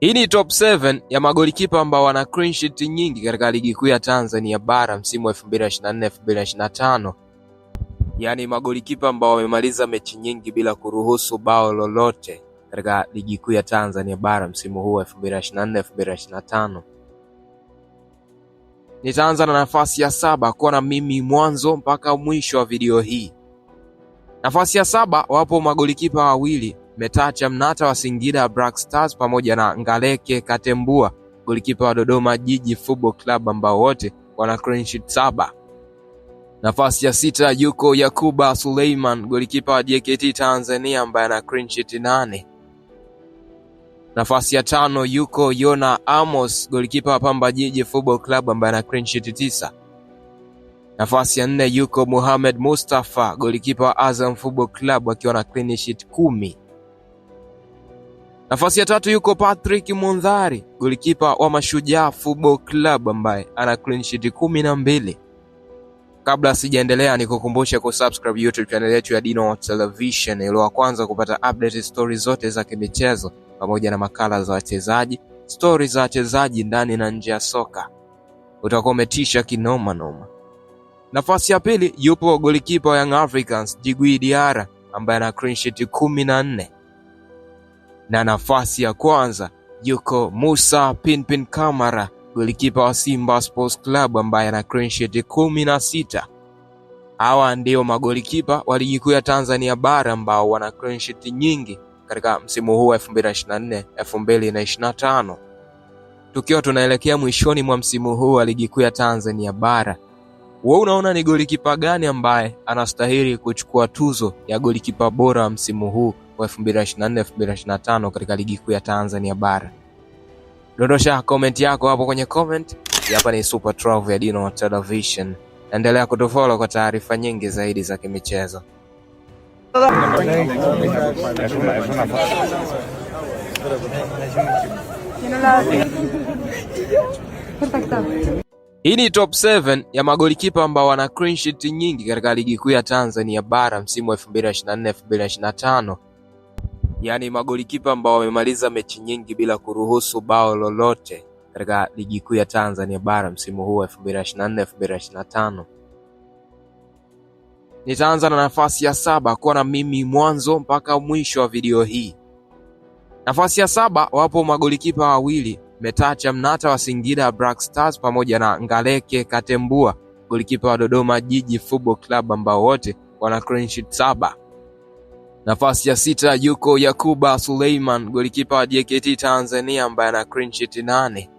Hii ni top 7 ya magolikipa ambao wana clean sheet nyingi katika ligi kuu ya Tanzania bara msimu wa 2024 2025, yaani magolikipa ambao wamemaliza mechi nyingi bila kuruhusu bao lolote katika ligi kuu ya Tanzania bara msimu huu wa 2024 2025. Nitaanza na nafasi ya saba, kuwa na mimi mwanzo mpaka mwisho wa video hii. Nafasi ya saba wapo magolikipa wawili Metacha Mnata wa Singida Black Stars pamoja na Ngaleke Katembua golikipa wa Dodoma Jiji Football Club ambao wote wana clean sheet saba. Nafasi ya sita yuko Yakuba Suleiman golikipa wa JKT Tanzania ambaye ana clean sheet nane. Nafasi ya tano yuko Yona Amos golikipa wa Pamba Jiji Football Club ambaye ana clean sheet tisa. Nafasi ya nne yuko Mohamed Mustafa golikipa wa Azam Football Club akiwa na clean sheet kumi. Nafasi ya tatu yuko Patrick Mundhari, golikipa wa Mashujaa Football Club ambaye ana clean sheet kumi na mbili. Kabla sijaendelea, nikukumbusha kusubscribe YouTube channel yetu ya Dino Television ili wa kwanza kupata update stories zote za kimichezo pamoja na makala za wachezaji, stories za wachezaji ndani na nje ya soka. Utakuwa umetisha kinoma noma. Nafasi ya pili yupo golikipa wa Young Africans Jigui Diara ambaye ana clean sheet kumi na nne na nafasi ya kwanza yuko Musa Pinpin Kamara golikipa wa Simba Sports Club ambaye ana clean sheet kumi na sita. Hawa ndio magolikipa wa ligi kuu ya Tanzania bara ambao wana clean sheet nyingi katika msimu huu wa 2024 2025. Tukiwa tunaelekea mwishoni mwa msimu huu wa ligi kuu ya Tanzania bara, wewe unaona ni golikipa gani ambaye anastahili kuchukua tuzo ya golikipa bora wa msimu huu? wa 2024 2025 katika ligi kuu ya Tanzania bara. Dondosha comment yako hapo kwenye comment. Hapa ni Super Trove ya Dino Television. Endelea kutufollow kwa taarifa nyingi zaidi za kimichezo. Hii ni top 7 ya magolikipa ambao wana clean sheet nyingi katika ligi kuu ya Tanzania bara msimu wa 2024 2025 yaani magolikipa ambao wamemaliza mechi nyingi bila kuruhusu bao lolote katika ligi kuu ya Tanzania bara msimu huu 2024 2025. Nitaanza na nafasi ya saba, kuwa na mimi mwanzo mpaka mwisho wa video hii. Nafasi ya saba wapo magolikipa wawili, Metacha Mnata wa Singida Black Stars pamoja na Ngaleke Katembua golikipa wa Dodoma Jiji Football Club ambao wote wana clean sheet saba. Nafasi ya sita yuko Yakuba Suleiman golikipa wa JKT Tanzania ambaye ana clean sheet nane.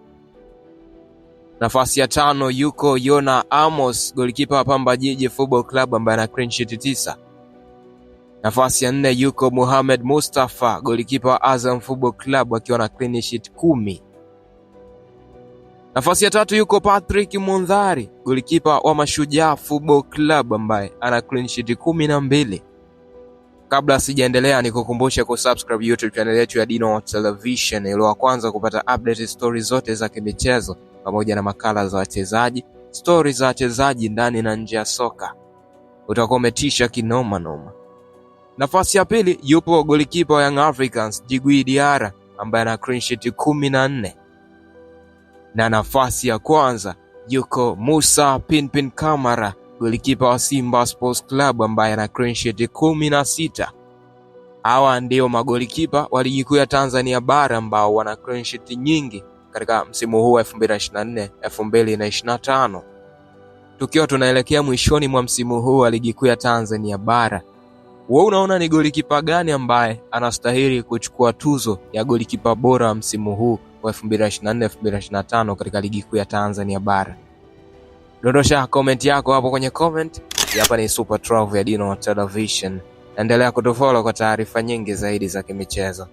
Nafasi ya tano yuko Yona Amos golikipa wa Pamba Jiji Football Club ambaye ana clean sheet tisa. Nafasi ya nne yuko Mohamed Mustafa golikipa wa Azam Football Club akiwa na clean sheet kumi. Nafasi ya tatu yuko Patrick Mundhari golikipa wa Mashujaa Football Club ambaye ana clean sheet kumi na mbili. Kabla sijaendelea nikukumbushe kusubscribe YouTube channel yetu ya Dino Television ili wa kwanza kupata update stori zote za kimichezo pamoja na makala za wachezaji, stori za wachezaji ndani na nje ya soka. Utakuwa umetisha kinoma noma. Nafasi ya pili yupo golikipa wa Young Africans jigui diara ambaye ana clean sheet kumi na nne na nafasi ya kwanza yuko Musa Pinpin Kamara golikipa wa Simba Sports Club ambaye ana clean sheet kumi na sita. Hawa ndio magolikipa wa ligi kuu ya Tanzania bara ambao wana clean sheet nyingi katika msimu huu wa 2024 2025. Tukiwa tunaelekea mwishoni mwa msimu huu wa ligi kuu ya Tanzania bara, wewe unaona ni golikipa gani ambaye anastahili kuchukua tuzo ya golikipa bora wa msimu huu wa 2024 2025 katika ligi kuu ya Tanzania bara? Dondosha comment yako hapo kwenye comment. Hapa ni Super 12 ya Dino Television, endelea kutufollow kwa taarifa nyingi zaidi za kimichezo.